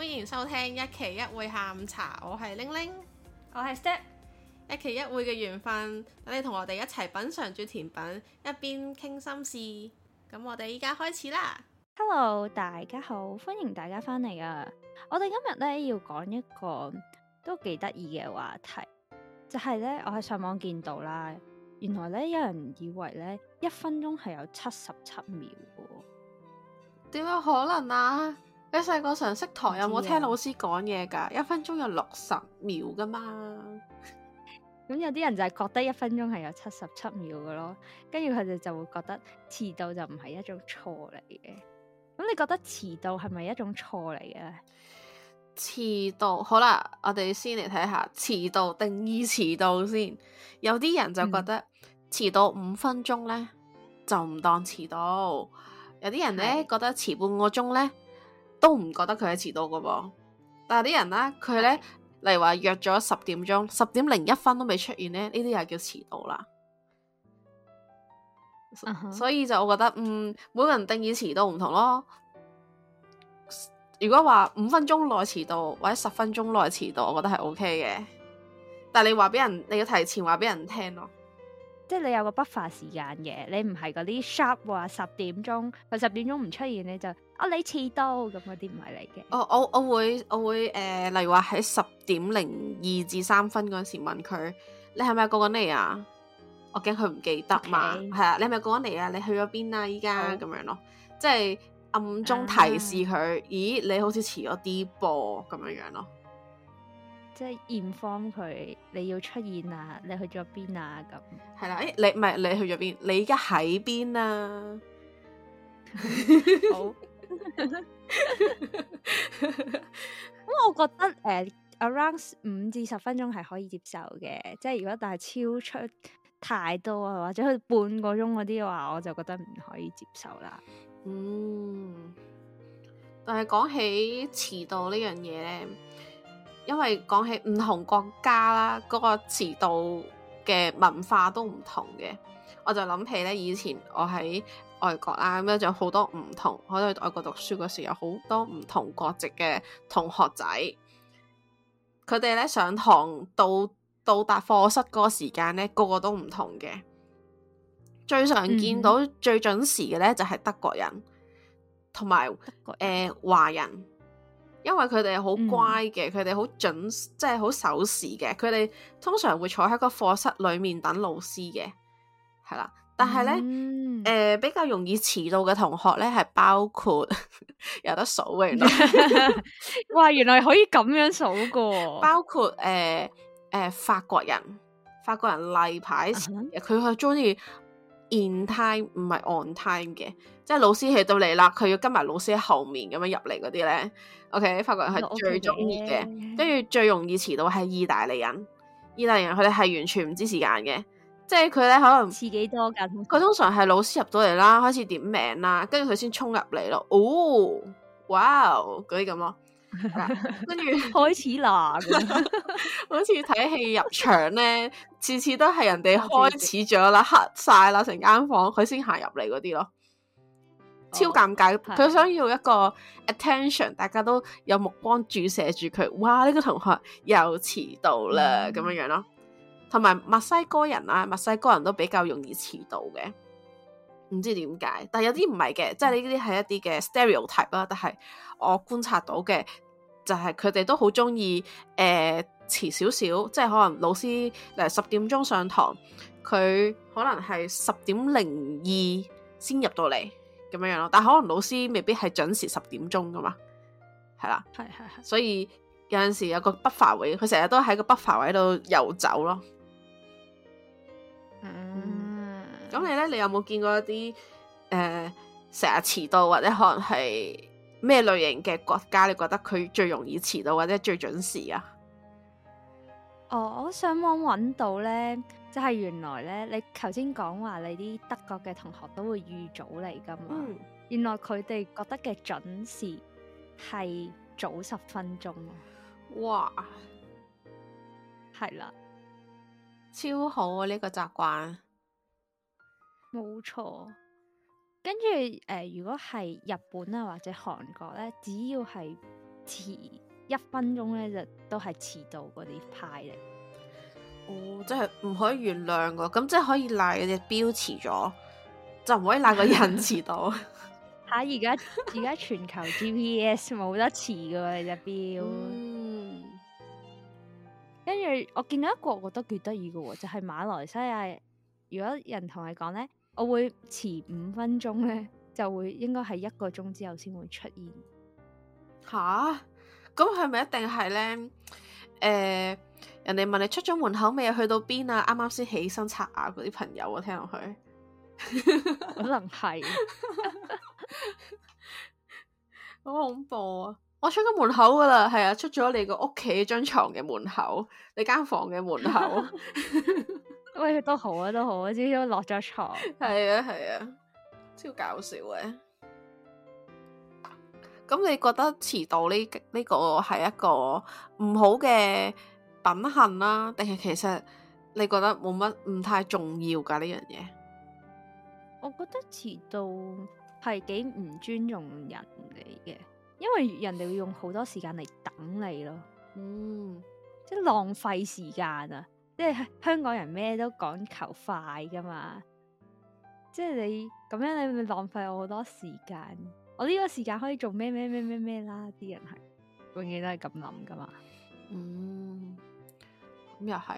歡迎收聽一期一會下午茶，我係玲玲，我係 Step，一期一會嘅緣分，等你同我哋一齊品嘗住甜品，一邊傾心事。咁我哋依家開始啦。Hello，大家好，歡迎大家翻嚟啊！我哋今日咧要講一個都幾得意嘅話題，就係咧我喺上網見到啦，原來咧有人以為咧一分鐘係有七十七秒嘅，點有可能啊？你細個常識堂有冇聽老師講嘢噶？一分鐘有六十秒噶嘛？咁 有啲人就係覺得一分鐘係有七十七秒噶咯，跟住佢哋就會覺得遲到就唔係一種錯嚟嘅。咁你覺得遲到係咪一種錯嚟嘅？遲到好啦，我哋先嚟睇下遲到定義遲到先。有啲人就覺得遲到五分鐘呢，嗯、就唔當遲到，有啲人呢，是覺得遲半個鐘呢。都唔覺得佢係遲到嘅噃，但係啲人咧、啊，佢咧，的例如話約咗十點鐘，十點零一分都未出現咧，呢啲又叫遲到啦、uh huh. 所。所以就我覺得，嗯，每個人定義遲到唔同咯。如果話五分鐘內遲到或者十分鐘內遲到，我覺得係 OK 嘅。但係你話俾人，你要提前話俾人聽咯。即係你有個 buffer、er、時間嘅，你唔係嗰啲 sharp 話十點鐘，佢十點鐘唔出現你就，哦你遲到咁嗰啲唔係你嘅。哦，我我會我會誒、呃，例如話喺十點零二至三分嗰時問佢，你係咪過緊嚟啊？嗯、我驚佢唔記得 Okay. 嘛，係啊，你係咪過緊嚟啊？你去咗邊啊？依家咁樣咯，即係暗中提示佢，啊、咦你好似遲咗啲噃。」咁樣樣咯。即係 inform 佢你要出現啊，你去咗邊、哎、啊？咁係啦，誒，你唔係你去咗邊？你而家喺邊啊？好，咁我覺得誒、呃、around 五至十分鐘係可以接受嘅，即係如果但係超出太多啊，或者去半個鐘嗰啲嘅話，我就覺得唔可以接受啦。嗯，但係講起遲到呢樣嘢咧。因為講起唔同國家啦，嗰個遲到嘅文化都唔同嘅，我就諗起咧，以前我喺外國啦，咁樣仲有好多唔同，我喺外國讀書嗰時有好多唔同國籍嘅同學仔，佢哋咧上堂到到達課室嗰個時間咧，個個都唔同嘅，最常見到最準時嘅咧就係德國人同埋誒華人。因為佢哋好乖嘅，佢哋好準，即係好守時嘅。佢哋通常會坐喺個課室裏面等老師嘅，係啦。但係咧，誒、嗯呃、比較容易遲到嘅同學咧，係包括有得 數嘅。原來 哇，原來可以咁樣數嘅， 包括誒誒、呃呃、法國人，法國人例牌，佢係中意 in time 唔係 on time 嘅，即係老師起到嚟啦，佢要跟埋老師喺後面咁樣入嚟嗰啲咧。O.K. 法國人係最中意嘅，跟住 最容易遲到係意大利人。意大利人佢哋係完全唔知時間嘅，即係佢咧可能遲幾多噶。佢通常係老師入到嚟啦，開始點名啦，跟住佢先衝入嚟咯。哦，哇！嗰啲咁咯，跟住 開始鬧，好似睇戲入場咧，次次都係人哋開始咗啦，黑晒啦成間房，佢先行入嚟嗰啲咯。超尷尬，佢、哦、想要一個 attention，的大家都有目光注視住佢。哇！呢、這個同學又遲到啦，咁、嗯、樣樣咯。同埋墨西哥人啊，墨西哥人都比較容易遲到嘅，唔知點解。但有啲唔係嘅，即係呢啲係一啲嘅 stereotype 啦、啊。但係我觀察到嘅就係佢哋都好中意誒遲少少，即係可能老師誒十點鐘上堂，佢可能係十點零二先入到嚟。嗯咁樣咯，但係可能老師未必係準時十點鐘噶嘛？係啦，係係，所以有陣時有個 buffer 位，佢成日都喺個 buffer 位度遊走咯。嗯，咁、嗯、你咧，你有冇見過一啲誒，成日遲到或者可能係咩類型嘅國家？你覺得佢最容易遲到或者最準時啊？哦，我上網搵到咧。即係原來咧，你頭先講話你啲德國嘅同學都會預早嚟噶嘛？嗯、原來佢哋覺得嘅準時係早十分鐘啊！哇，係啦，超好啊！呢、這個習慣，冇錯。跟住誒，如果係日本啊或者韓國咧，只要係遲一分鐘咧，就都係遲到嗰啲派嚟。哦、即係唔可以原諒噶，咁即係可以賴隻表遲咗，就唔可以賴個人遲到。吓， 而家而家全球 GPS 冇得遲噶你隻表。嗯，跟住我見到一個，我都覺得幾得意噶，就係、是、馬來西亞，如果人同你講咧，我會遲五分鐘咧，就會應該係一個鐘之後先會出現。吓、啊，咁係咪一定係咧？誒、呃。人哋問你出咗門口未？去到邊啊？啱啱先起身刷牙嗰啲朋友啊，聽落去 可能係 好恐怖啊！我出咗門口噶啦，係啊，出咗你個屋企張床嘅門口，你間房嘅門口。 喂，都好啊，都好啊，只要落咗床，係 啊，係啊，超搞笑嘅。咁你覺得遲到呢？呢、呢個係一個唔好嘅？品行啦、啊，定係其實你覺得冇乜唔太重要噶呢樣嘢？我覺得遲到係幾唔尊重人嚟嘅，因為人哋會用好多時間嚟等你咯。嗯，即係浪費時間啊！即係香港人咩都講求快噶嘛，即係你咁樣你咪浪費我好多時間，我呢個時間可以做咩咩咩咩咩啦？啲人係永遠都係咁諗噶嘛。嗯。咁又係，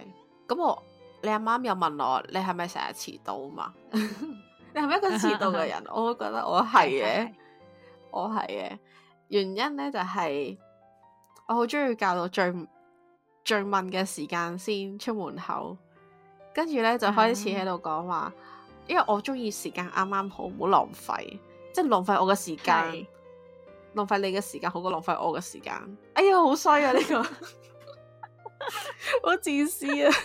咁我你啱啱又問我，你係咪成日遲到嘛？ 你係咪一個遲到嘅人？ 我會覺得我係嘅， 我係嘅。 原因咧就係、是、我好中意教到最最問嘅時間先出門口，跟住咧就開始喺度講話， 因為我中意時間啱啱好，唔好浪費，即係浪費我嘅時間，是浪費你嘅時間，好過浪費我嘅時間。哎呀，好衰啊！呢、這個。 好自私啊！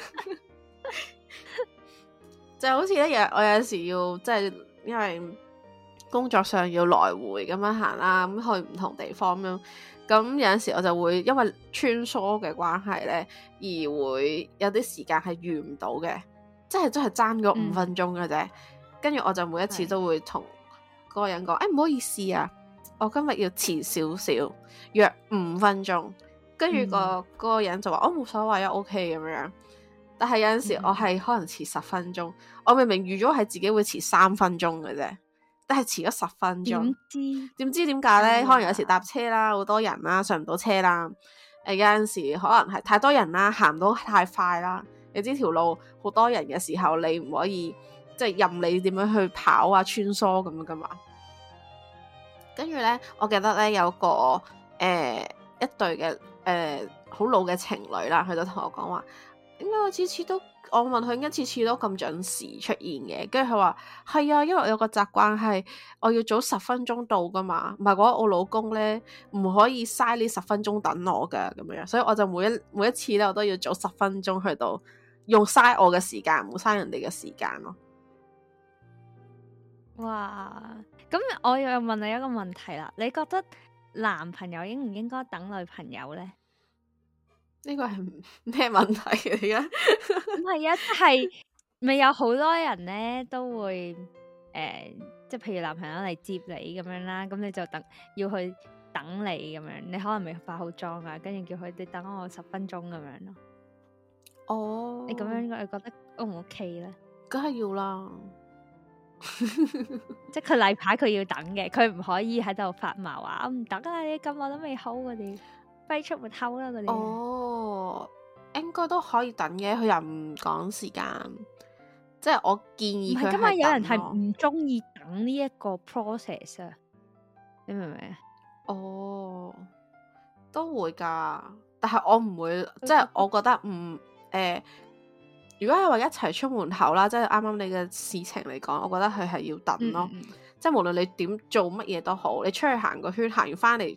就好似一日，我有陣時要即係因為工作上要來回咁樣行啦，咁去唔同地方咁樣，咁有陣時我就會因為穿梭嘅關係咧，而會有啲時間係遇唔到嘅，即係都係爭嗰五分鐘嘅啫。跟住、嗯、我就每一次都會同嗰個人講：，誒是的、哎，唔好意思啊，我今日要遲少少，約五分鐘。跟住個嗰個人就話：哦、嗯，冇所謂啊，OK 咁樣。但係有陣時我係可能遲十分鐘，嗯、我明明預咗係自己會遲三分鐘嘅啫，但係遲咗十分鐘。點知點知點解咧？呢嗯、可能有時搭車啦，好多人啦，上唔到車啦。誒、呃、有陣時可能係太多人啦，行唔到太快啦。你知條路好多人嘅時候，你唔可以即係、就是、任你點樣去跑啊、穿梭咁樣噶嘛。跟住咧，我記得咧有個誒、呃、一隊嘅。誒，好、呃、老嘅情侶啦，佢就同我講話，點解我次次都我問佢，跟次次都咁準時出現嘅？跟住佢話係啊，因為我有個習慣係我要早十分鐘到噶嘛，唔係我老公咧唔可以嘥呢十分鐘等我噶咁樣，所以我就每一每一次咧我都要早十分鐘去到，用嘥我嘅時間，唔好嘥人哋嘅時間咯。哇，咁我又問你一個問題啦，你覺得？男朋友應唔應該等女朋友咧？呢個係咩問題嚟嘅？唔係啊，係咪有好多人咧都會誒，即係譬如男朋友嚟接你咁樣啦，咁你就等要去等你咁樣，你可能未化好妝啊，跟住叫佢你等我十分鐘咁樣咯。哦，你咁樣應該你覺得 O 唔 OK 咧？梗係要啦。 即佢例牌，佢要等嘅，佢唔可以喺度發毛啊！唔等啊，你感冒都未好嗰啲，飛出門口啦嗰啲。哦，應該都可以等嘅，佢又唔講時間。即係我建議佢今日有人係唔中意等呢一個 process 啊？你明唔明啊？哦，oh, 都會噶，但係我唔會， 即係我覺得唔誒。呃如果係話一齊出門口啦，即係啱啱你嘅事情嚟講，我覺得佢係要等咯。嗯嗯即係無論你點做乜嘢都好，你出去行個圈，行完翻嚟，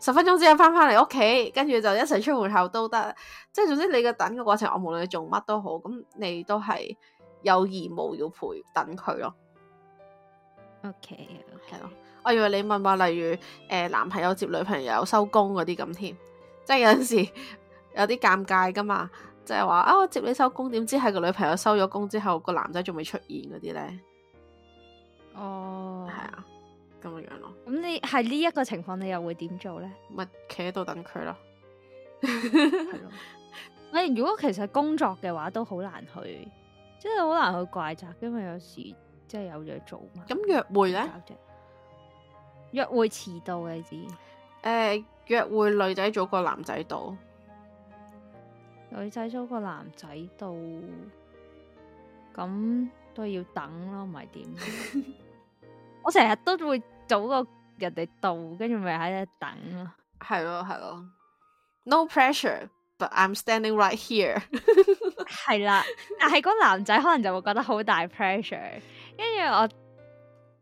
十分鐘之後翻翻嚟屋企，跟住就一齊出門口都得。即係總之你個等嘅過程，我無論你做乜都好，咁你都係有義務要陪等佢咯。OK，OK。係咯。我以為你問話，例如誒、呃、男朋友接女朋友收工嗰啲咁添，即係有陣時 有啲尷尬噶嘛。即係話啊，我接你收工，點知係個女朋友收咗工之後，個男仔仲未出現嗰啲咧？哦、oh.，係啊，咁樣咯。咁你喺呢一個情況，你又會點做咧？咪企喺度等佢咯。係咯。誒，如果其實工作嘅話都好難去，即係好難去怪責，因為有時即係有嘢做嘛。咁約會咧？約會遲到嘅字？誒、呃，約會女仔早過男仔到。女仔早個男仔到，咁都要等咯，唔係點？ 我成日都會早個人哋到，跟住咪喺度等咯。係咯係咯，no pressure，but I'm standing right here。係啦，但係個男仔可能就會覺得好大 pressure。跟住我，誒、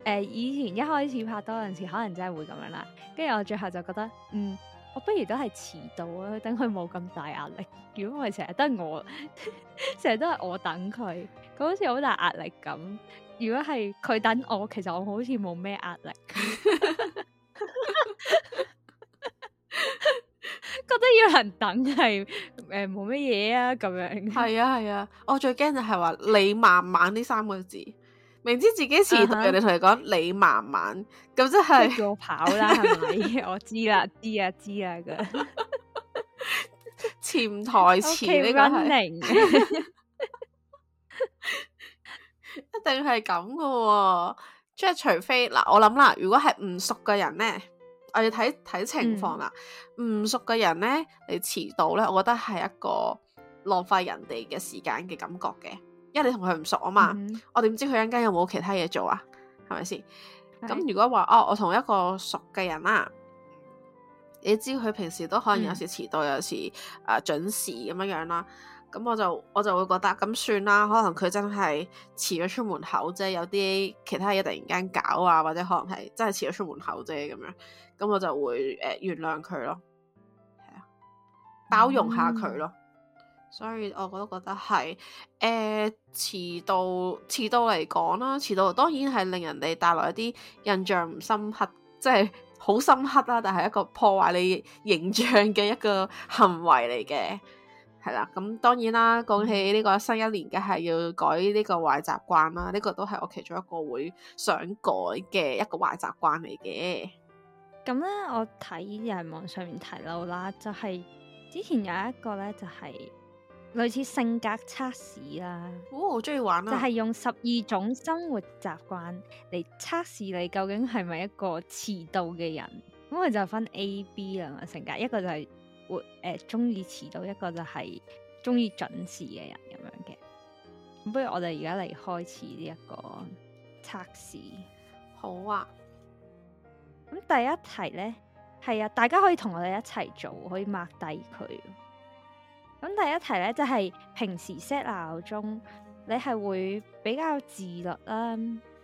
呃，以前一開始拍多陣時，可能真係會咁樣啦。跟住我最後就覺得，嗯。我不如都係遲到啊，等佢冇咁大壓力。如果我成日都係我，成日都係我等佢，佢好似好大壓力咁。如果係佢等我，其實我好似冇咩壓力。覺得要人等係誒冇乜嘢啊，咁樣。係啊係啊，我最驚就係話你慢慢呢三個字。明知自己遲到，人哋同你講你，你慢慢，咁即係叫我跑啦，係咪？我知啦，知啊，知啊，個潛台詞呢個係，一定係咁噶，即係除非嗱，我諗啦，如果係唔熟嘅人咧，我要睇睇情況啦。唔、嗯、熟嘅人咧你遲到咧，我覺得係一個浪費人哋嘅時間嘅感覺嘅。因為你同佢唔熟啊嘛，嗯嗯我點知佢陣間有冇其他嘢做啊？係咪先？咁是如果話哦，我同一個熟嘅人啦，啊，你知佢平時都可能有時遲到，有時誒、嗯呃、準時咁樣樣啦。咁我就我就會覺得咁算啦，可能佢真係遲咗出門口啫，有啲其他嘢突然間搞啊，或者可能係真係遲咗出門口啫咁樣。咁我就會誒、呃、原諒佢咯，啊嗯、包容下佢咯。所以，我覺得覺得係誒遲到，遲到嚟講啦，遲到當然係令人哋帶來一啲印象唔深刻，即係好深刻啦。但係一個破壞你形象嘅一個行為嚟嘅，係啦。咁當然啦，講起呢個新一年，嘅係要改呢個壞習慣啦。呢個都係我其中一個會想改嘅一個壞習慣嚟嘅。咁咧，我睇人網上面提漏啦，就係之前有一個咧，就係。類似性格測試啦，哦，我中意玩啊！就係用十二種生活習慣嚟測試你究竟係咪一個遲到嘅人。咁佢就分 A、B 啦嘛，性格一個就係活誒中意遲到，一個就係中意準時嘅人咁樣嘅。咁不如我哋而家嚟開始呢一個測試，好啊。咁第一題咧，係啊，大家可以同我哋一齊做，可以 mark 低佢。.咁第一題咧，就係、是、平時 set 鬧鐘，你係會比較自律啦。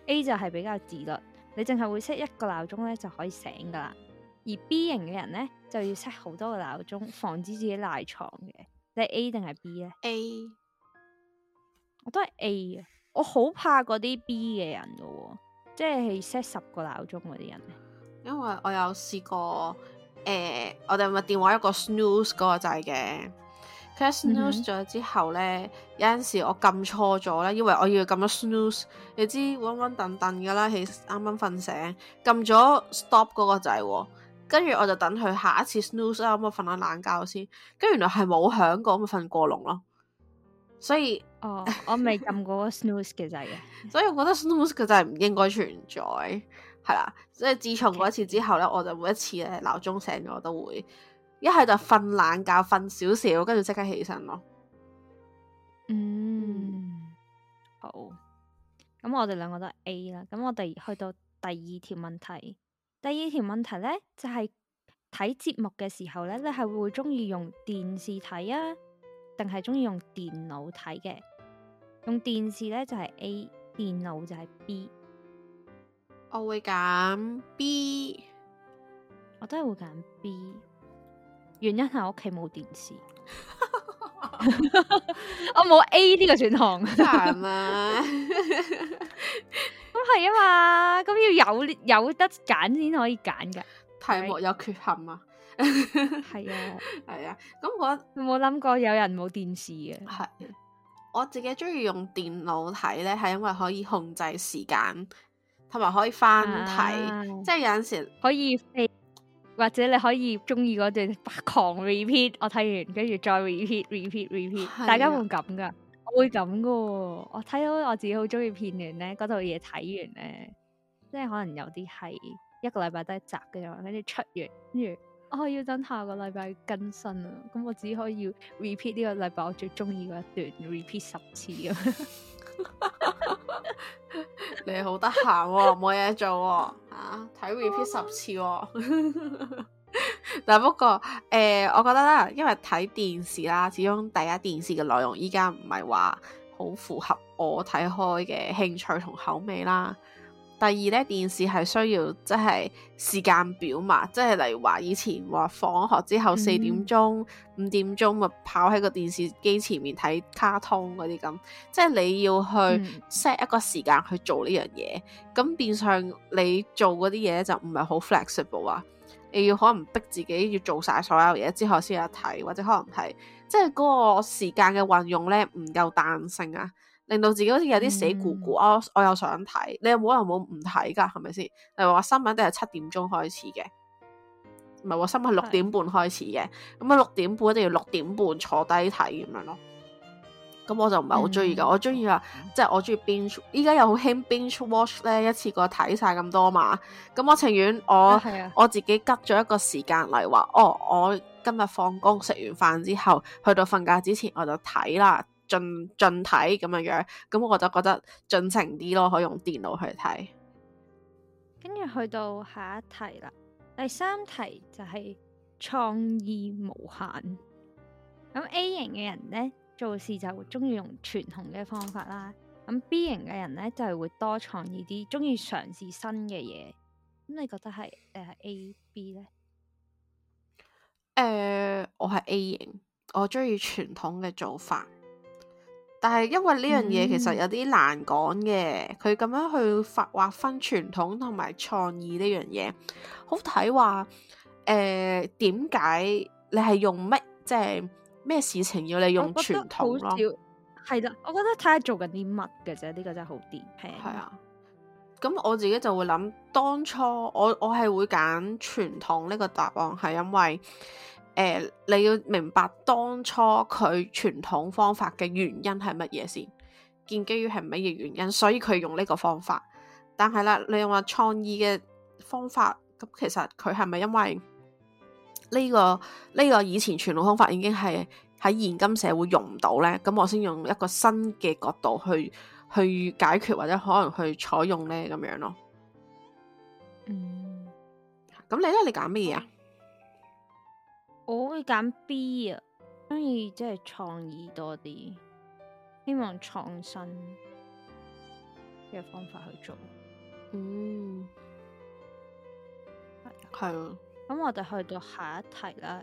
A 就係比較自律，你淨係會 set 一個鬧鐘咧就可以醒噶啦。而 B 型嘅人咧就要 set 好多個鬧鐘，防止自己賴床嘅。你 A 定係 B 咧？A，我都係 A 啊！我好怕嗰啲 B 嘅人噶，即係 set 十個鬧鐘嗰啲人。因為我有試過誒、呃，我哋咪電話一個 snooze 嗰個掣嘅。佢 snooze 咗之後咧，mm hmm. 有陣時我撳錯咗啦，因為我要撳咗 snooze，你知溫溫頓頓噶啦，佢啱啱瞓醒，撳咗 stop 嗰個掣，跟住我就等佢下一次 snooze 啦，咁我瞓下懶覺先，跟原來係冇響過咁咪瞓過龍咯，所以，哦、oh, no，我未撳過 snooze 嘅掣嘅，所以我覺得 snooze 嘅掣就係唔應該存在，係啦，即係自從嗰次之後咧，我就每一次咧鬧鐘醒咗都會。一係就瞓懶覺瞓少少，跟住即刻起身咯。嗯，嗯好。咁我哋兩個都係 A 啦。咁我哋去到第二條問題，第二條問題咧就係睇節目嘅時候咧，你係會中意用電視睇啊，定係中意用電腦睇嘅？用電視咧就係 A，電腦就係 B。我會揀 B，我都係會揀 B。原因係我屋企冇電視， 我冇 A 呢個選項，咁 係然啊嘛，咁 要有有得揀先可以揀嘅，題目有缺陷 啊，係 啊，係 啊，咁我冇諗過有人冇電視嘅？係我自己中意用電腦睇咧，係因為可以控制時間，同埋可以翻睇，啊、即係有陣時可以。或者你可以中意嗰段，狂 repeat。我睇完，跟住再 repeat，repeat，repeat re re、啊。大家會咁噶？我會咁噶。我睇到我自己好中意片段咧，嗰套嘢睇完咧，即係可能有啲係一個禮拜得一集嘅，跟住出完，跟住我要等下個禮拜更新啊。咁我只可以 repeat 呢個禮拜我最中意嗰一段，repeat 十次咁。 你好得閒、哦，冇嘢做、哦。睇 repeat 十次、哦， 但不過誒、呃，我覺得啦，因為睇電視啦，始終第一電視嘅內容依家唔係話好符合我睇開嘅興趣同口味啦。第二咧，電視係需要即係、就是、時間表嘛，即係例如話以前話放學之後四點鐘、五、嗯、點鐘咪跑喺個電視機前面睇卡通嗰啲咁，即係你要去 set 一個時間去做呢樣嘢，咁、嗯、變相你做嗰啲嘢就唔係好 flexible 啊，你要可能逼自己要做晒所有嘢之後先有得睇，或者可能係即係嗰個時間嘅運用咧唔夠彈性啊。令到自己好似有啲死咕咕。嗯、我我又想睇，你又冇可能冇唔睇噶，係咪先？例如話新聞一定係七點鐘開始嘅，唔係話新聞六點半開始嘅，咁啊六點半一定要六點半坐低睇咁樣咯。咁我就唔係好中意噶，嗯、我中意話，即係我中意 binge，依家又好興 binge watch 呢，一次過睇晒咁多嘛。咁我情願我的我自己吉咗一個時間嚟話，哦，我今日放工食完飯之後，去到瞓覺之前我就睇啦。盡盡睇咁樣樣，咁我就覺得盡情啲咯，可以用電腦去睇。跟住去到下一題啦，第三題就係創意無限。咁 A 型嘅人呢，做事就會中意用傳統嘅方法啦。咁 B 型嘅人呢，就係會多創意啲，中意嘗試新嘅嘢。咁你覺得係誒、呃、A、B 呢？誒、呃，我係 A 型，我中意傳統嘅做法。但係因為呢樣嘢其實有啲難講嘅，佢咁、嗯、樣去劃劃分傳統同埋創意呢樣嘢，好睇話誒，點、呃、解你係用乜即係咩事情要你用傳統咯？係啦，我覺得睇下做緊啲乜嘅啫，呢、這個真係好掂。係啊，咁我自己就會諗，當初我我係會揀傳統呢個答案，係因為。誒、呃，你要明白當初佢傳統方法嘅原因係乜嘢先，建基於係乜嘢原因，所以佢用呢個方法。但係咧，你話創意嘅方法，咁其實佢係咪因為呢個呢個以前傳統方法已經係喺現今社會用唔到咧，咁我先用一個新嘅角度去去解決或者可能去採用咧咁樣咯。嗯，咁你咧，你揀乜嘢啊？嗯我會揀 B 啊，中意即係創意多啲，希望創新嘅方法去做。嗯，係啊的。咁的我哋去到下一題啦。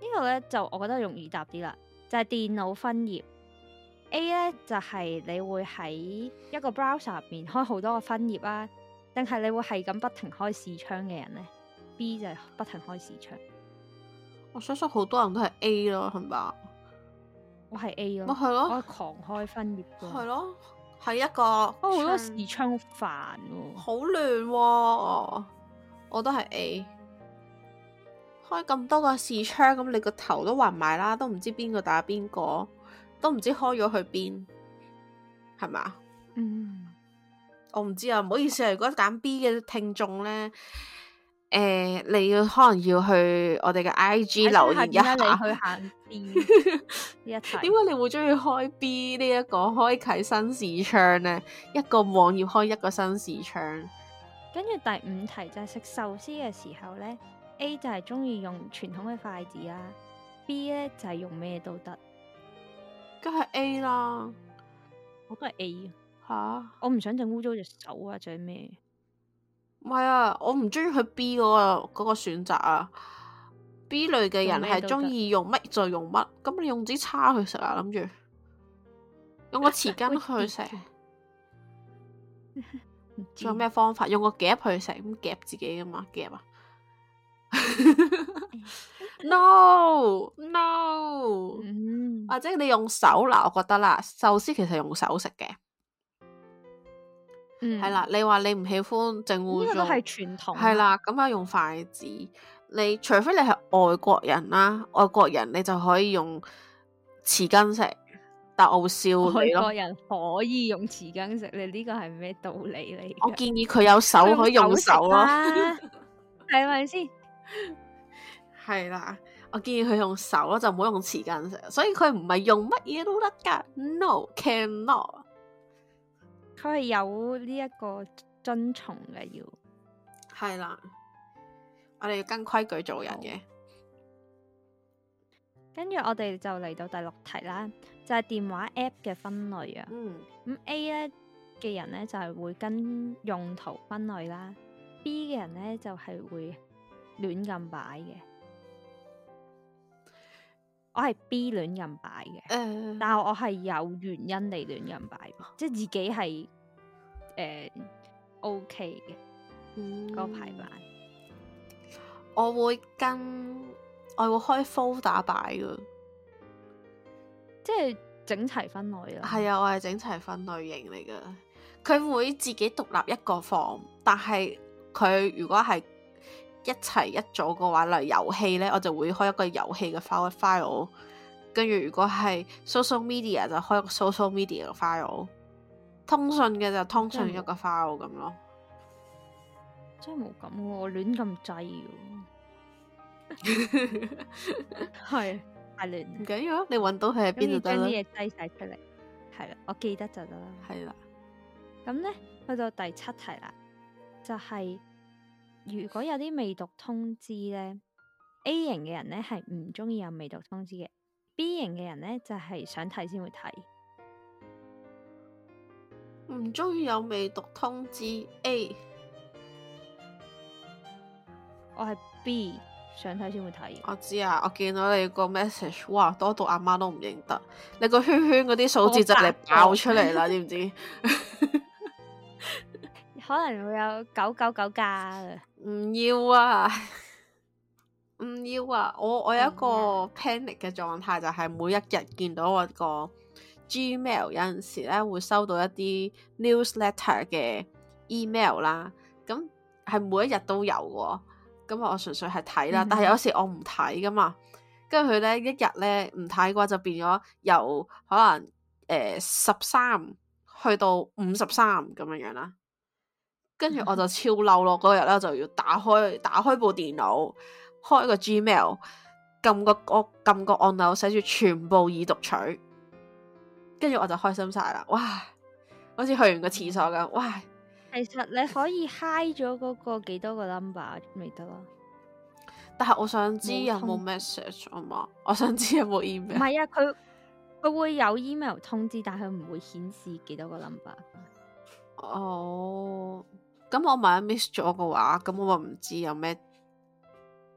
這個、呢個咧就我覺得容易答啲啦，就係、是、電腦分頁。A 咧就係、是、你會喺一個 browser 入面開好多個分頁啊，定係你會係咁不停開視窗嘅人咧？B 就係不停開視窗。我相信好多人都係 A 咯，係咪？我係 A 咯，我係咯，我狂開分頁，係咯，係一個，哦，我好多視窗煩喎，好亂喎，我都係 A，開咁多個視窗，咁你個頭都暈埋啦，都唔知邊個打邊個，都唔知開咗去邊，係咪？嗯，我唔知啊，唔好意思啊，如果揀 B 嘅聽眾呢。誒、呃，你要可能要去我哋嘅 I G 留言一下。你去行 B 呢 一題？點解你會中意開 B 呢一個開啟新視窗咧？一個網頁開一個新視窗。跟住第五題就係食壽司嘅時候咧，A 就係中意用傳統嘅筷子啦、啊、，B 咧就係用咩都得。梗係 A 啦，我都係 A。吓哈，我唔想整污糟隻手啊！仲係咩？唔係啊，我唔中意佢 B 嗰個嗰個選擇啊。B 類嘅人係中意用乜就用乜，咁你用支叉去食啊？諗住用個匙羹去食，仲有咩方法？用個夾去食咁夾自己啊嘛？夾啊 ！No No，Mm-hmm. 或者你用手啦，我覺得啦，壽司其實用手食嘅。係、嗯、啦，你話你唔喜歡整碗粥，都係傳統，係啦，咁又用筷子。你除非你係外國人啦，外國人你就可以用匙羹食。但傲少，外國人可以用匙羹食，你呢個係咩道理你？我建議佢有手可以用手咯、啊，係咪先？係啦，我建議佢用手咯，就唔好用匙羹食。所以佢唔係用乜嘢都得㗎，no can not。佢係有呢一個遵從嘅，要係啦，我哋要跟規矩做人嘅。跟住我哋就嚟到第六題啦，就係電話 app 嘅分類啊。嗯，咁 A 咧嘅人咧就係會跟用途分類啦，B 嘅人咧就係會亂咁擺嘅。我係 B 亂人擺嘅，呃、但係我係有原因嚟亂人擺，即係自己係誒 OK 嘅嗰排版。我會跟我會開 full、er、打擺嘅，即係整齊分類啦。係、嗯、啊，我係整齊分類型嚟噶。佢會自己獨立一個房，但係佢如果係。一齊一組嘅話，例如遊戲咧，我就會開一個遊戲嘅 file，跟住如果係 social media 就開一個 social media 嘅 file，通訊嘅就通訊一個 file 咁咯。真係冇咁嘅，我亂咁擠嘅。係太亂唔緊要，你搵到佢喺邊度就得啦，將啲嘢擠晒出嚟。係啦，我記得就得啦。係啦的。咁咧去到第七題啦，就係、是。如果有啲未讀通知呢 A 型嘅人呢係唔中意有未讀通知嘅；B 型嘅人呢，就係、是、想睇先會睇。唔中意有未讀通知，A。我係 B，想睇先會睇。我知啊，我見到你個 message，哇，多到阿媽都唔認得。你個圈圈嗰啲數字就嚟打爆出嚟啦， 知唔道知？ 可能會有九九九加。唔要啊，唔 要啊！我我有一個 panic 嘅狀態，就係每一日見到我個 Gmail 有陣時咧，會收到一啲 newsletter 嘅 email 啦。咁係每一日都有嘅，咁我純粹係睇啦。但係有時我唔睇噶嘛，跟住佢咧一日咧唔睇嘅話，就變咗由可能誒十三去到五十三咁樣樣啦。跟住我就超嬲咯！嗰日咧就要打開打開部電腦，開個 Gmail，撳個我撳個按鈕，寫住全部已讀取。跟住我就開心晒啦！哇，好似去完個廁所咁。哇，其實你可以嗨咗嗰個幾多個 number 咪得啦？但係我想知有冇 message 啊嘛？我想知有冇 email？唔係啊，佢佢會有 email 通知，但係佢唔會顯示幾多個 number。哦。咁我萬一 miss 咗嘅話，咁我咪唔知有咩，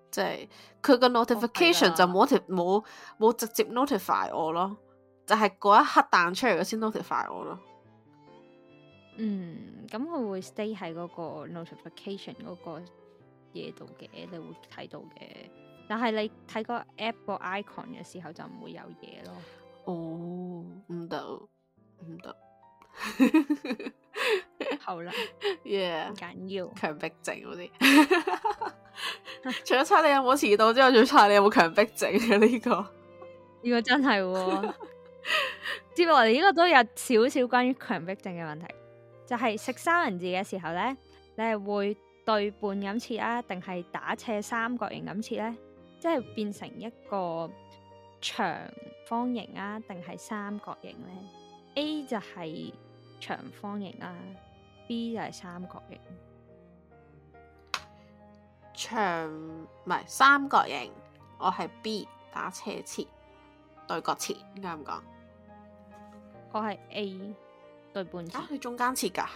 即係佢個 notification、哦、就冇冇冇直接 notify 我咯，就係、是、嗰一刻彈出嚟嘅先 notify 我咯。嗯、咁、嗯、佢、嗯、會 stay 喺嗰個 notification 嗰個嘢度嘅，你會睇到嘅，但係你睇個 app 個 icon 嘅時候就唔會有嘢咯。哦，唔得，唔得。 好啦，yeah，緊要，強迫症嗰啲。 除咗猜你有冇遲到之外，仲猜你有冇強迫症呢、啊這個？呢個真係、哦， 接落嚟呢個都有少少關於強迫症嘅問題。就係、是、食三文治嘅時候咧，你係會對半咁切啊，定係打斜三角形咁切咧？即係變成一個長方形啊，定係三角形咧？A 就係長方形啦、啊。B 就係三角形，長，唔係三角形，我係 B 打斜切對角切，應該咁講，我係 A 對半切，啊，佢中間切噶。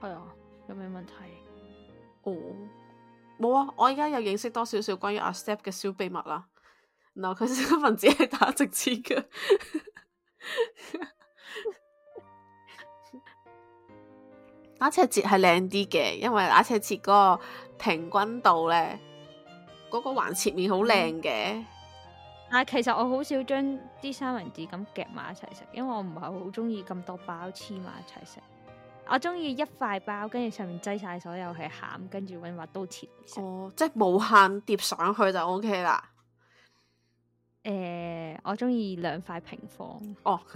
係啊，有咩問題？哦，冇啊，我而家又認識多少少關於阿 Step 嘅小秘密啦，嗱，佢呢份紙係打直切嘅。打斜切係靚啲嘅，因為打斜切嗰個平均度咧，嗰、那個橫切面好靚嘅。但、嗯啊、其實我好少將啲三文治咁夾埋一齊食，因為我唔係好中意咁多包黐埋一齊食。我中意一塊包，跟住上面擠晒所有嘅餡，跟住搵把刀切。哦，即係無限疊上去就 O K 啦。誒、呃，我中意兩塊平放。哦。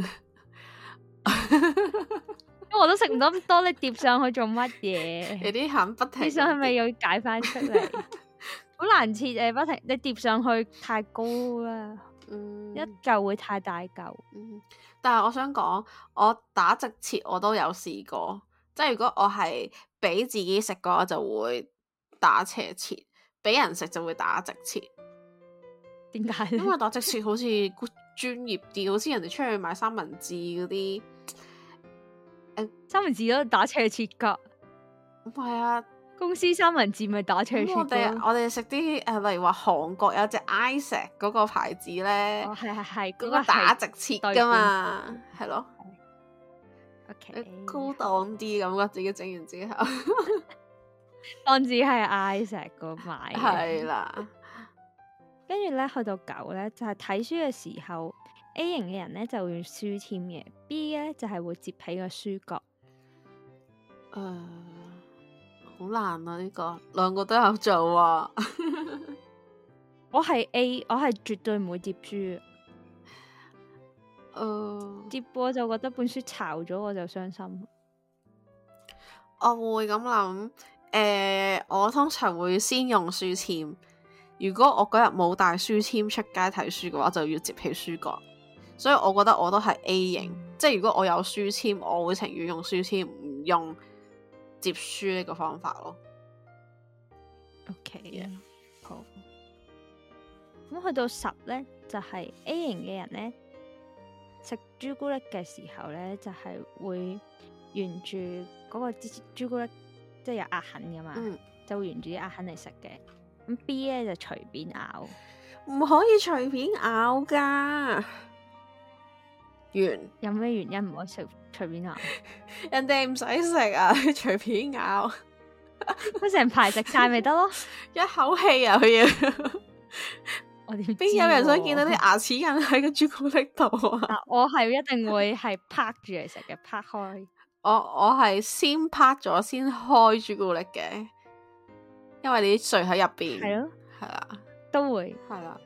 我都食唔到咁多，你疊上去做乜嘢？你啲餡不停。你上去咪要解翻出嚟，好難切誒！不停，你疊上去太高啦，嗯，一舊會太大舊。嗯、但係我想講，我打直切我都有試過，即係如果我係俾自己食過，就會打斜切；俾人食就會打直切。點解？因為打直切好似專業啲， 好似人哋出去買三文治嗰啲。三文治都打斜切噶，唔係啊，公司三文治咪打斜切、嗯。我哋食啲誒，例如話韓國有隻 Isak 嗰個牌子咧，係係係，嗰個打直切噶嘛，係咯，okay，高檔啲感覺，好自己整完之後， 當字係 Isak 嗰塊，係啦的，跟住咧去到九咧，就係、是、睇書嘅時候。A 型嘅人咧就用書籤嘅，B 咧就係、是、會折起個書角。誒，好難啊呢、這個，兩個都有做啊。 我係 A，我係絕對唔會折書。誒，折過就覺得本書巢咗，我就傷心。我會咁諗誒，我通常會先用書籤。如果我嗰日冇帶書籤出街睇書嘅話，就要折起書角。所以我覺得我都係 A 型，即係如果我有書籤，我會情願用書籤，唔用接書呢個方法咯。OK。Yeah。好。咁去到十咧，就係 A 型嘅人咧食朱古力嘅時候咧，就係會沿住嗰個朱朱古力即係有壓痕噶嘛，嗯，就會沿住啲壓痕嚟食嘅。咁 B 咧就隨便咬，唔可以隨便咬噶。完有咩原因唔可以食？隨便咬？人哋唔使食啊，佢，隨便咬我，佢成 排食晒咪得咯？ 一口氣啊，佢要！ 我點知邊、啊、有人想見到啲牙齒印喺個朱古力度啊？我係一定會係拍住嚟食嘅，拍開。 我我係先拍咗先開朱古力嘅，因為你啲碎喺入邊。係咯、啊，係啦、啊，都會係啦。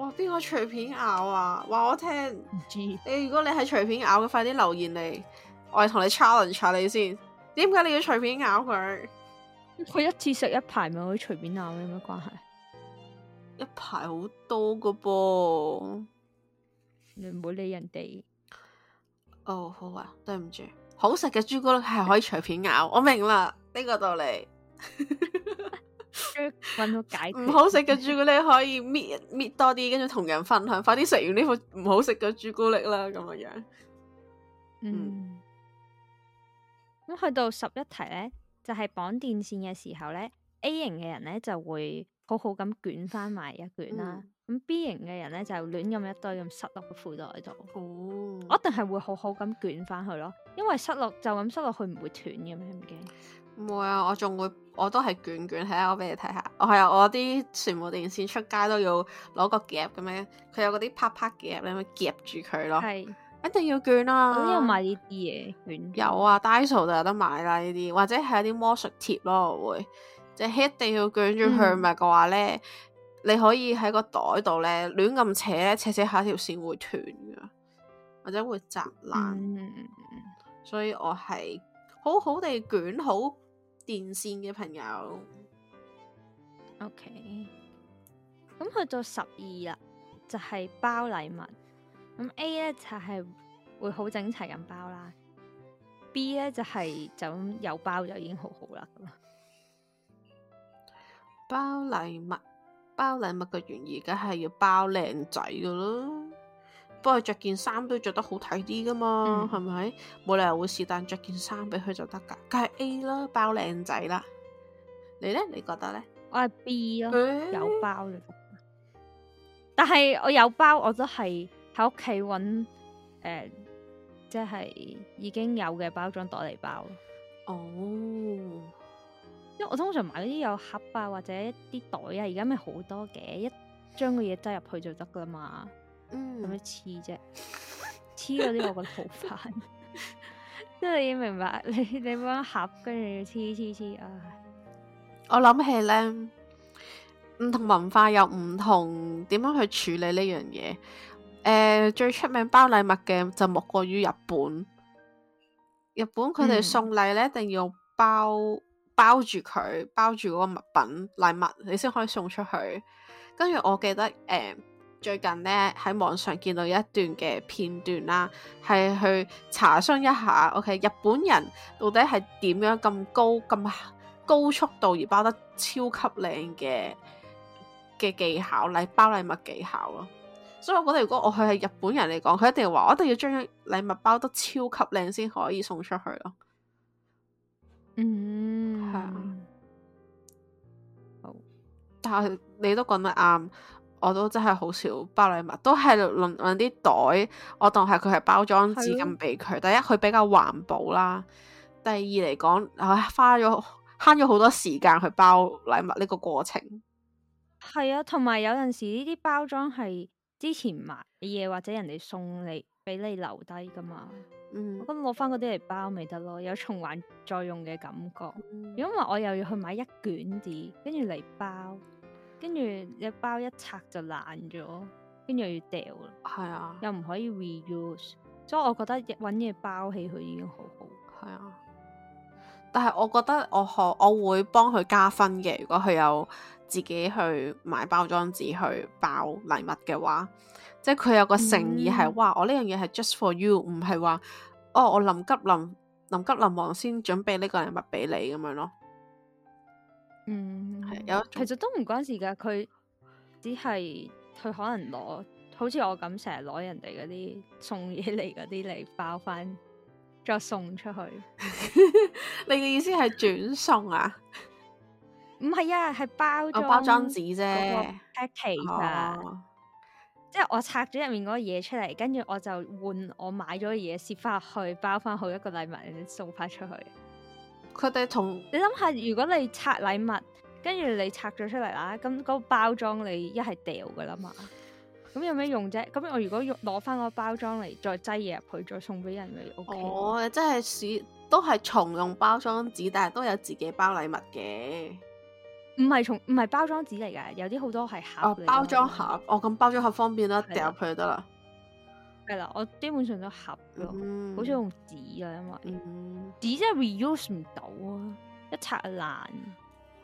哇！邊個隨便咬啊？話我聽，唔知，你如果你係隨便咬嘅，快啲留言嚟，我嚟同你 challenge 下你先。點解你要隨便咬佢？佢一次食一排咪可以隨便咬，有咩關係？一排好多噶噃，你唔好理人哋。哦，好啊，對唔住，好食嘅朱古力係可以隨便咬，我明啦，呢個道理。 搵 到解，唔好食嘅朱古力可以搣搣多啲，跟住同人分享， 快啲食完呢副唔好食嘅朱古力啦，咁嘅樣。嗯，咁、嗯、去到十一題咧，就係、是、綁電線嘅時候咧，A 型嘅人咧就會好好咁捲翻埋一捲啦，咁、嗯、B 型嘅人咧就亂咁一堆咁塞落個褲袋度。哦，我一定係會好好咁捲翻去咯，因為塞落就咁塞落去唔會斷嘅咩？唔驚。冇啊！我仲會，我都係捲捲睇下，看看我俾你睇下。我係啊，我啲全部電線出街都要攞個夾咁樣，佢有嗰啲啪啪夾，你咪夾住佢咯。係是，一定要捲啊！咁有買呢啲嘢卷？有啊，Daiso 就有得買啦呢啲，或者係一啲魔術貼咯，我會即係一定要捲住佢。唔係嘅話咧，你可以喺個袋度咧亂咁扯，扯扯下條線會斷噶，或者會砸爛。嗯、所以我係好好地捲好。電線嘅朋友，OK，咁去到十二，就是就是、啦，就係包禮物。咁 A 咧就係會好整齊咁包啦，B 咧就係就咁有包就已經好好啦。咁啊，包禮物，包禮物嘅原意梗係要包靚仔噶咯。不過着件衫都着得好睇啲噶嘛，係咪、嗯？冇理由會試但是但着件衫俾佢就得噶，梗係 A 啦，包靚仔啦。你咧你覺得咧？我係 B 咯，欸、有包嘅。但係我有包，我都係喺屋企揾誒，即、呃、係、就是、已經有嘅包裝袋嚟包哦，因為我通常買嗰啲有盒啊，或者啲袋啊，而家咪好多嘅，一將個嘢擠入去就得噶啦嘛。嗯，有咩黐啫？黐嗰啲我個頭髮，即係要明白你你幫盒，跟住要黐黐黐啊！哎、我諗起咧，唔同文化又唔同，點樣去處理呢樣嘢？誒、呃，最出名包禮物嘅就莫過於日本。日本佢哋送禮咧，一定要包、嗯、包住佢，包住嗰個物品禮物，你先可以送出去。跟住我記得誒。呃最近咧喺網上見到一段嘅片段啦，係去查詢一下，OK，日本人到底係點樣咁高咁高速度而包得超級靚嘅嘅技巧，禮包禮物技巧咯。所以我覺得如果我係日本人嚟講，佢一定話我一定要將禮物包得超級靚先可以送出去咯。嗯，係啊，好但係你都講得啱。我都真係好少包禮物，都係攞攞啲袋。我當係佢係包裝紙咁俾佢。的第一，佢比較環保啦；第二嚟講，花咗慳咗好多時間去包禮物呢個過程。係啊，同埋有陣時呢啲包裝係之前買嘅嘢，或者人哋送你俾你留低噶嘛。嗯，咁攞翻嗰啲嚟包咪得咯，有循環再用嘅感覺。如果唔係、嗯、我又要去買一卷紙，跟住嚟包。跟住一包一拆就爛咗，跟住又要掉啦。係啊，又唔可以 reuse，所以我覺得揾嘢包起佢已經好好。係啊，但係我覺得我學我會幫佢加分嘅，如果佢有自己去買包裝紙去包禮物嘅話，即係佢有個誠意係、嗯、哇，我呢樣嘢係 just for you，唔係話哦我臨急臨臨急臨忙先準備呢個禮物俾你咁樣咯。嗯，係有，其實都唔關事噶，佢只係佢可能攞，好似我咁成日攞人哋嗰啲送嘢嚟嗰啲嚟包翻，再送出去。 你嘅意思係轉送啊？唔係 啊，係包咗包裝紙啫 package 即係我拆咗入面嗰嘢出嚟，跟住我就換我買咗嘢，塞翻去包翻好一個禮物，送翻出去。佢哋同你諗下，如果你拆禮物，跟住你拆咗出嚟啦，咁嗰個包裝你一係掉噶啦嘛，咁有咩用啫？咁我如果用攞翻個包裝嚟再擠嘢入去，再送俾人咪 OK？哦，即係是都係重用包裝紙，但係都有自己包禮物嘅，唔係重唔係包裝紙嚟噶，有啲好多係盒、哦、包裝盒。哦，咁包裝盒方便啦、啊，掉入的去就得啦。係啦，我基本上都合咯，嗯、好似用紙啊，因為紙真係 reuse 唔到啊，一拆就爛，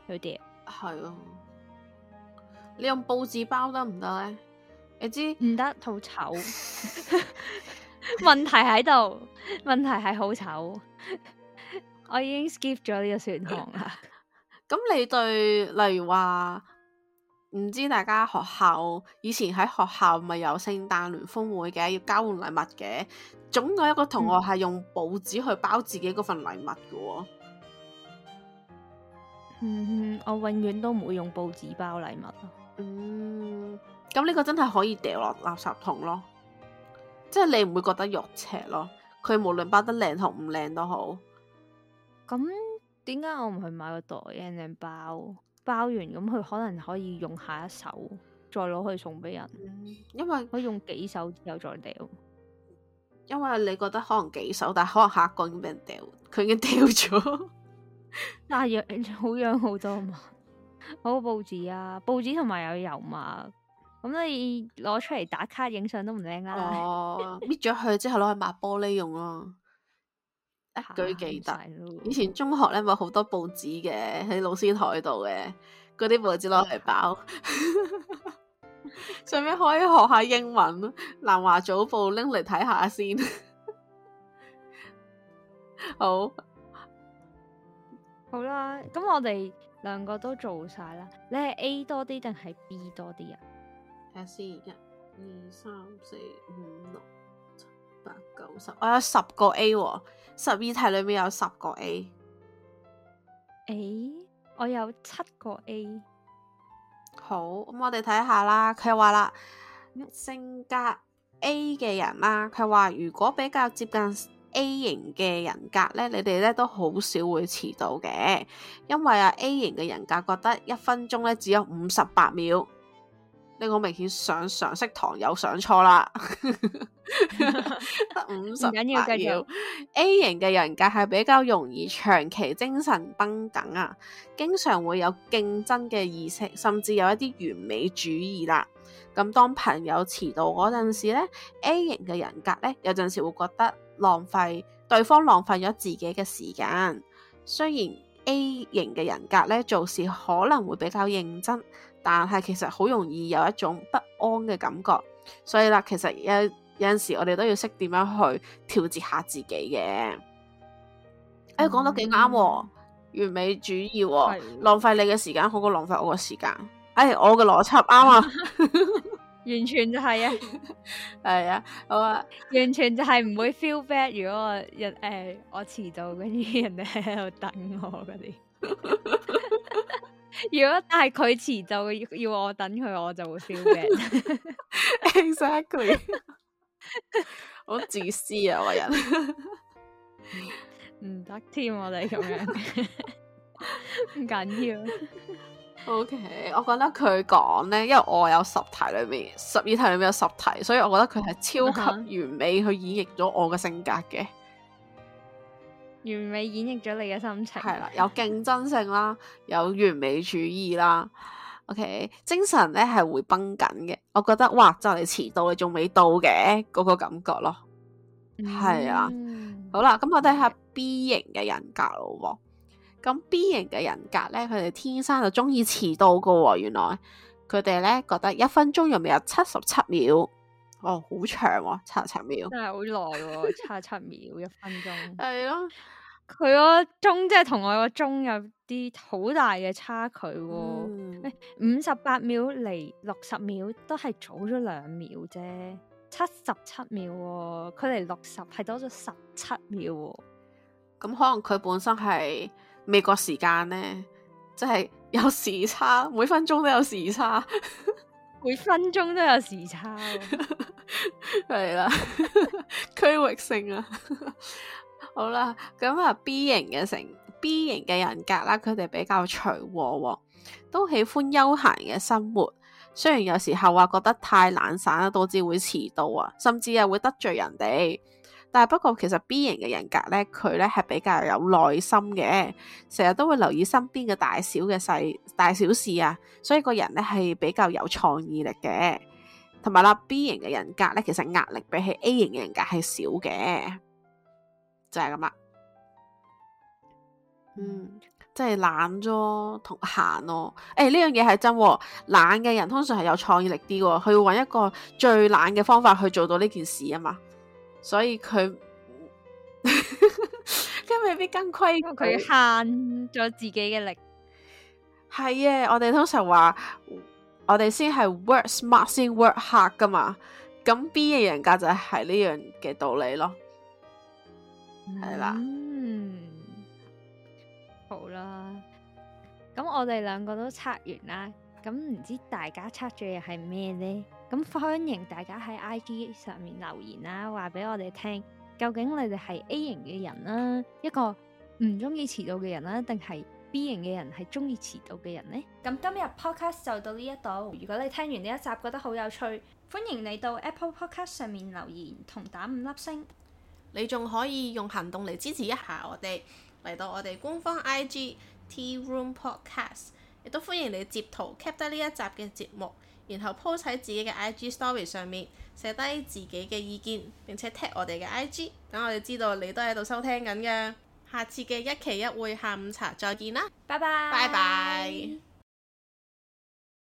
佢哋係啊。你用報紙包得唔得咧？你知唔得，好醜。 問題喺度，問題係好醜。我已經 skip 咗呢個選項啦。咁 你對例如話？唔知大家學校以前喺學校咪有聖誕聯歡會嘅，要交換禮物嘅，總有一個同學係用報紙去包自己嗰份禮物嘅，嗯。嗯哼，我永遠都唔會用報紙包禮物。嗯，咁呢個真係可以掉落垃圾桶咯，即係你唔會覺得肉赤咯？佢無論包得靚同唔靚都好，咁點解我唔去買個袋拎包？包完咁佢可能可以用下一手，再攞去送俾人。因為可以用幾手又再掉。因為你覺得可能幾手，但可能下一個已經俾人掉，佢已經掉咗。但係好樣好多嘛，好，好報紙啊，報紙同埋有油嘛，咁你攞出嚟打卡影相都唔靚啦。搣咗佢之後攞去抹玻璃用咯。啊、舉記得，以前中學咧咪好多報紙嘅，喺老師台度嘅，嗰啲報紙攞嚟包， 上面可以學下英文咯。南華早報拎嚟睇下先 ，好，好啦，咁我哋兩個都做晒啦。你係 A 多啲定係 B 多啲啊？睇下先，一、二、三、四、五、六。九十，我有十個 A，十二題裏面有十個 A。誒，我有七個 A。好，咁我哋睇下啦。佢話啦，咩？性格 A 嘅人啦、啊，佢話如果比較接近 A 型嘅人格呢，你哋呢都好少會遲到嘅，因為啊 A 型嘅人格覺得一分鐘呢只有五十八秒。呢個明顯上常識堂友上錯 有上錯啦，五十八要 A 型嘅人格係比較容易長期精神崩緊啊，經常會有競爭嘅意識，甚至有一啲完美主義啦。咁當朋友遲到嗰陣時咧，A 型嘅人格咧，有陣時會覺得浪費對方浪費咗自己嘅時間。雖然 A 型嘅人格咧做事可能會比較認真。但係其實好容易有一種不安嘅感覺，所以啦，其實有有陣時我哋都要識點樣去調節下自己嘅、欸。誒、哦，講得幾啱，完美主義、哦，的浪費你嘅時間好過浪費我嘅時間。誒、欸，我嘅邏輯啱啊，啊完全就係啊，係、呃、啊，我完全就係唔會 feel bad 如果我誒我遲到跟住人哋喺度等我嗰啲。 如果但係佢遲就要我等佢，我就 feel bad。 Exactly， 我好自私啊！我人唔得添，我哋咁樣唔緊要。 啊、OK，我覺得佢講咧，因為我有十題裏面十二題裏面有十題，所以我覺得佢係超級完美去演繹咗我嘅性格嘅。完美演繹咗你嘅心情，係啦，有競爭性啦，有完美主義啦。 OK，精神咧係會繃緊嘅。我覺得哇，就嚟遲到，你到，你仲未到嘅嗰個感覺咯，係啊、嗯。好啦，咁我睇下 B 型嘅人格咯。咁 B 型嘅人格咧，佢哋天生就中意遲到噶、哦。原來佢哋咧覺得一分鐘入面有七十七秒。哦，好長喎、哦，七七秒，真係好耐喎，差 七秒，一分鐘。係咯， 佢個鐘即係同我個鐘有啲好大嘅差距喎、哦。五十八秒嚟六十秒都係早咗兩秒啫，七十七秒，佢嚟六十係多咗十七秒、哦。咁、嗯、可能佢本身係美國時間呢，即、就、係、是、有時差，每分鐘都有時差。 每分鐘都有時差、啊，係啦 對了，區 域性啊， 好啦，咁啊 B 型嘅成 B 型嘅人格啦，佢哋比較隨和、哦，都喜歡悠閒嘅生活。雖然有時候話覺得太懶散啦，導致會遲到啊，甚至係會得罪人哋。但不過其實 B 型嘅人格咧，佢咧係比較有耐心嘅，成日都會留意身邊嘅大小嘅細大小事啊，所以個人咧係比較有創意力嘅，同埋啦 B 型嘅人格咧，其實壓力比起 A 型嘅人格係少嘅，就係咁啦。嗯，即係懶咗同閒咯。誒呢樣嘢係真，懶嘅人通常係有創意力啲，佢會揾一個最懶嘅方法去做到呢件事啊嘛。所以佢，咁未必更虧，佢慳咗自己嘅力。係啊，我哋通常話，我哋先係 work smart 先 work hard 噶嘛。咁 B 嘅人格就係呢樣嘅道理咯，係啦，嗯，的好啦，咁我哋兩個都測完啦，咁唔知大家測咗又係咩咧？咁歡迎大家喺 IG 上面留言啦、啊，話俾我哋聽，究竟你哋係 A 型嘅人啦、啊，一個唔中意遲到嘅人啦、啊，定係 B 型嘅人係中意遲到嘅人呢？咁今日 podcast 就到呢一度，如果你聽完呢一集覺得好有趣，歡迎你到 Apple Podcast 上面留言同打五粒星，你仲可以用行動嚟支持一下我哋，嚟到我哋官方 IG Tea Room Podcast，亦都歡迎你截圖 cap 得呢一集嘅節目。然後 po 喺自己嘅 IG story 上面，寫低自己嘅意見，並且 tag 我哋嘅 IG，等我哋知道你都喺度收聽緊嘅。下次嘅一期一會下午茶，再見啦，拜拜，拜拜。